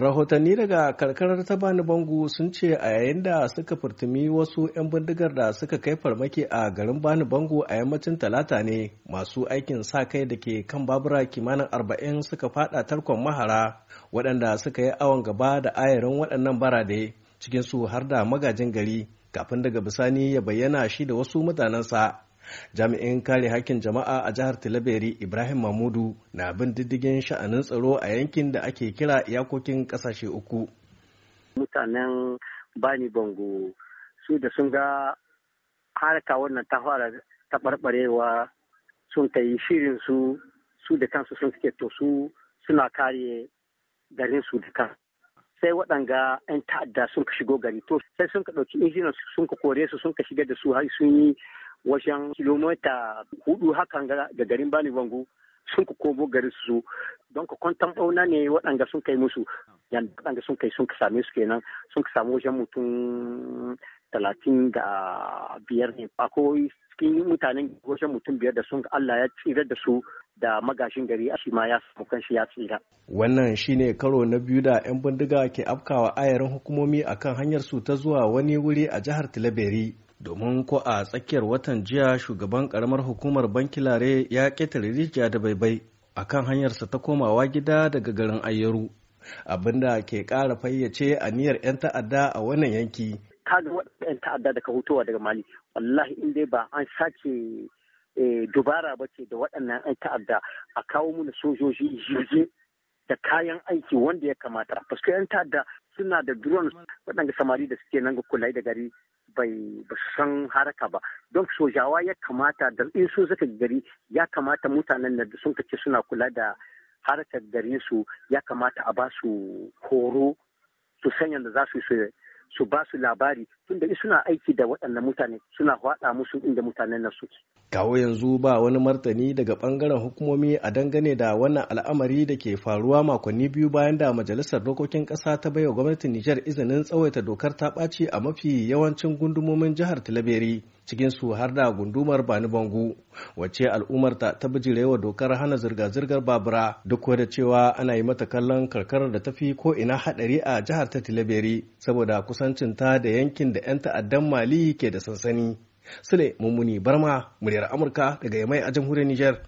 rahotanni daga karkarar ta bani bangu sun ce a yayin da suka furtumi wasu 'yan bindigar da suka kai farmaki a garin bani bangu a yammacin talata ne masu aikin sa kai da ke kan babura kimanin arba'in suka fada tarkon mahara waɗanda suka yi awon gaba da ayarin waɗannan barade cikinsu har da magajin gari kafin daga bisani ya bayyana shi da wasu mutanensa jami'in kare hakkin jama'a a jihar tilaberi ibrahim mahmudu na bin diddigin sha'anin tsaro a yankin da ake kira iyakokin kasashe uku mutanen bani bango su da sun ga harka wannan ta fara taɓarɓarewa sun ta yi shirin su da kansu sun suke to su suna kare garin su da kan sai waɗanga 'yan ta'adda sun ka shigo gari to sai sun ka ɗauki injinan sun ka kore su sun ka shiga da su har sun yi wajen kilomita hudu hakan ga garin Bani Bangu sun ku komo garin su don ku kwantan bauna ne waɗanda sun kai musu sun kai sun ka same su kenan sun ka samu wajen mutum talatin da biyar ne akwai cikin mutanen wajen mutum biyar da sun Allah ya tsira da su da magashin gari a ma ya samu kanshi ya tsira. Wannan shine karo na biyu da 'yan bindiga ke afkawa ayarin hukumomi akan hanyar su ta zuwa wani wuri a jihar Tilaberi. domin ko a tsakiyar watan jiya shugaban karamar hukumar banki lare ya ƙetare rijiya da baibai a kan hanyarsa ta komawa gida daga garin ayyaru abinda ke kara fayyace a niyyar 'yan ta'adda a wannan yanki kada waɗanda 'yan ta'adda daga hutuwa daga mali wallahi in dai ba an sake eh, dubara ba ce da waɗannan 'yan ta'adda a kawo mana sojoji jirgin da kayan aiki wanda ya kamata. fasko 'yan ta'adda suna da drones waɗanda samari da suke nan kula da gari ba bai san haraka ba don sojawa ya kamata da in sun zaka gari ya kamata mutanen da sun kace suna kula da harkar garinsu su ya kamata a ba su horo su sanya da za su yi su ba su labari tunda suna aiki da waɗannan mutane suna hwada musu inda mutanen nasu suke. Kawo yanzu ba wani martani daga ɓangaren hukumomi a dangane da wannan al'amari da ke faruwa makonni biyu bayan da majalisar dokokin ƙasa ta baiwa gwamnatin Nijar izinin tsawaita dokar ta ɓaci a mafi yawancin gundumomin jihar Tilaberi. su har da gundumar Bani Bangu, wacce al'ummarta ta ta bijirewa dokar hana zirga-zirgar babura duk da cewa ana yi mata kallon karkarar da ta fi ko ina haɗari a jihar ta Tilaberi saboda kusancinta da yankin da 'yan ta'addan Mali ke da sansani. Sule Mummuni Barma, muryar Amurka daga Yamai a jamhuriyar Nijar.